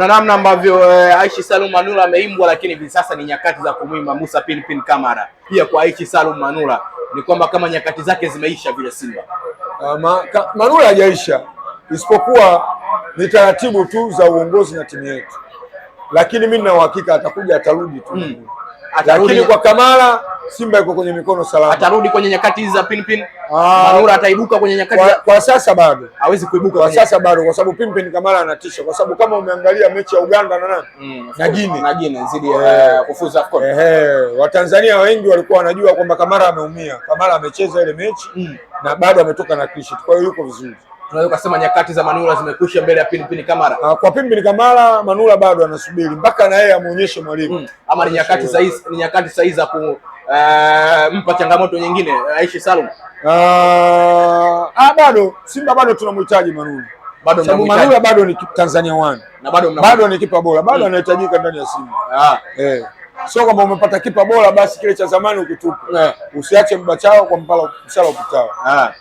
kuna namna ambavyo eh, Aishi Salum Manula ameimbwa, lakini hivi sasa ni nyakati za kumwimba Musa Pinpin Kamara. Pia kwa Aishi Salum Manula ni kwamba kama nyakati zake zimeisha vile Simba. Uh, ma, ka, Manula hajaisha, isipokuwa ni taratibu tu za uongozi na timu yetu, lakini mimi nina uhakika atakuja, atarudi tu mm. lakini kwa Kamara Simba yuko kwenye mikono salama. Atarudi kwenye nyakati za pinpin. Ah. Manura ataibuka kwenye nyakati kwa, kwa sasa bado hawezi kuibuka kwa sasa bado, kwa sababu pinpin Kamara anatisha, kwa sababu kama umeangalia mechi ya Uganda na nani mm, na Guinea na Guinea zidi ya eh. eh, kufuza AFCON eh, Watanzania wengi walikuwa wanajua kwamba Kamara ameumia. Kamara amecheza ile mechi mm, na bado ametoka na clean sheet, kwa hiyo yuko vizuri. Tunaweza kusema nyakati za Manula zimekwisha mbele ya Pinpin Kamara. Ah, kwa Pinpin Kamara Manula bado anasubiri mpaka na yeye amuonyeshe mwalimu. Mm. Ama ni nyakati sahihi, ni nyakati sahihi za ku uh, mpa changamoto nyingine Aishi Salum? Uh, ah, bado Simba bado tunamhitaji Manula, bado sababu Manula bado ni Tanzania wana na bado, bado ni kipa bora bado, hmm, anahitajika ndani ya Simba ah. eh sio kwamba umepata kipa bora basi kile cha zamani ukitupa. Yeah. Usiache mbachao kwa mpala msala ukutao. Ah.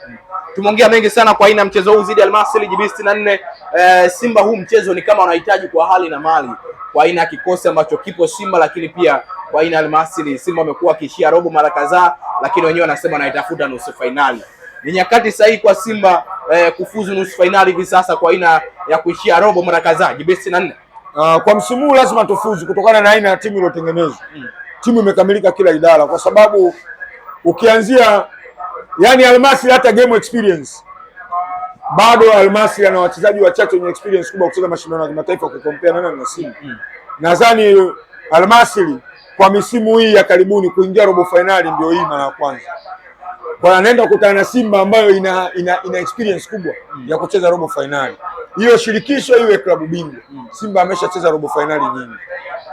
Tumeongea mengi sana kwa aina mchezo huu zidi Almasri JB 64. Eh, Simba huu mchezo ni kama unahitaji kwa hali na mali kwa aina ya kikosi ambacho kipo Simba, lakini pia kwa aina Almasri. Simba wamekuwa akiishia robo mara kadhaa, lakini wenyewe wanasema anaitafuta nusu fainali. Ni nyakati sahihi kwa Simba eh, kufuzu nusu fainali hivi sasa kwa aina ya kuishia robo mara kadhaa. JB 64 Uh, kwa msimu huu lazima tufuzu kutokana na aina ya timu iliyotengenezwa. Mm. Timu imekamilika kila idara, kwa sababu ukianzia yani Almasi hata game experience bado Almasi ana wachezaji wachache wenye experience kubwa kucheza mashindano ya kimataifa kukompea nana na simu. Mm. Nadhani Almasi kwa misimu hii ya karibuni kuingia robo finali ndio hii mara ya kwanza. Kwa anaenda kukutana na Simba ambayo ina, ina, ina experience kubwa mm. ya kucheza robo finali hiyo shirikisho iwe klabu bingwa. Mm. Simba ameshacheza robo fainali nyingi,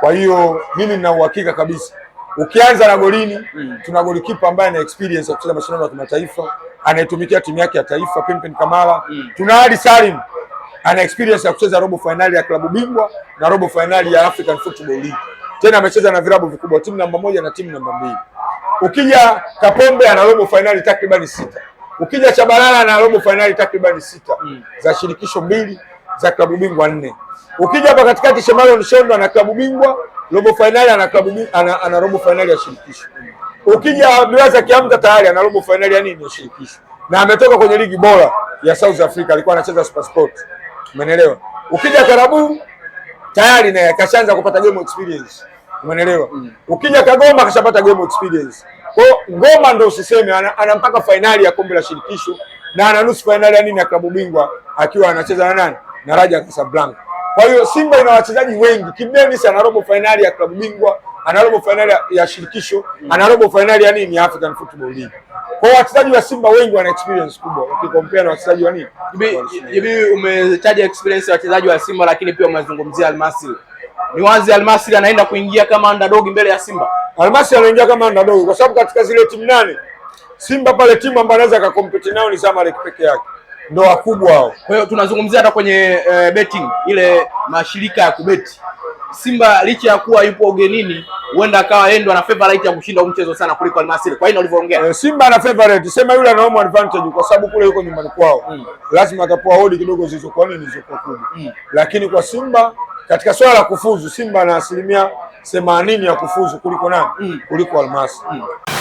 kwa hiyo mimi nina uhakika kabisa ukianza na golini mm. tuna golikipa ambaye ana experience ya kucheza mashindano ya kimataifa, anaitumikia timu yake ya taifa Pimpin Kamala mm. tuna Ali Salim ana experience ya kucheza robo fainali ya klabu bingwa na robo fainali ya African Football League, tena amecheza na vilabu vikubwa, timu namba moja na timu namba mbili. Ukija Kapombe ana robo fainali takriban sita. Ukija Chabalala na robo fainali takribani sita mm. za shirikisho mbili za klabu bingwa nne. Ukija hapa katikati Shemalo Nshondo ana klabu bingwa robo fainali ana klabu ana, ana robo fainali ya shirikisho. Ukija Abdulaza Kiamka tayari ana robo fainali ya nini ya shirikisho. Na ametoka kwenye ligi bora ya South Africa alikuwa anacheza Super Sport, Umeelewa? Ukija Karabu tayari naye kashaanza kupata game experience. Umeelewa? Mm. Ukija Kagoma kashapata game experience. Kwa Ngoma ndo usiseme ana, ana mpaka fainali ya kombe la shirikisho na ana nusu fainali ya nini ya klabu bingwa akiwa anacheza na nani na Raja Casablanca. Kwa hiyo Simba ina wachezaji wengi. Kibu Denis ana robo fainali ya klabu bingwa, ana robo fainali ya shirikisho, ana robo fainali ya nini ya African Football League. Kwa wachezaji wa Simba wengi wana experience kubwa ukikompare na wachezaji wa nini. Hivi umetaja experience ya wachezaji wa Simba, lakini pia umezungumzia Almasri. Ni wazi Almasri anaenda kuingia kama underdog mbele ya Simba. Almasi anaingia kama underdog kwa sababu katika zile timu nane Simba pale timu ambayo anaweza akakompete nao ni Zamalek peke yake ndo wakubwa hao. Kwa hiyo tunazungumzia hata kwenye e, betting ile mashirika ya kubeti Simba licha ya kuwa yupo ugenini huenda akawa yeye ndo ana favorite ya kushinda huu mchezo sana kuliko Almasiri. Kwa hiyo ulivyoongea, e, eh, Simba ana favorite, sema yule ana home advantage kwa sababu kule yuko nyumbani kwao mm. lazima atapoa hodi kidogo zilizokuwa nini zilizokuwa kubwa mm. lakini kwa Simba katika swala la kufuzu Simba ana asilimia themanini ya kufuzu kuliko nani? Mm. Kuliko Almasi. Mm.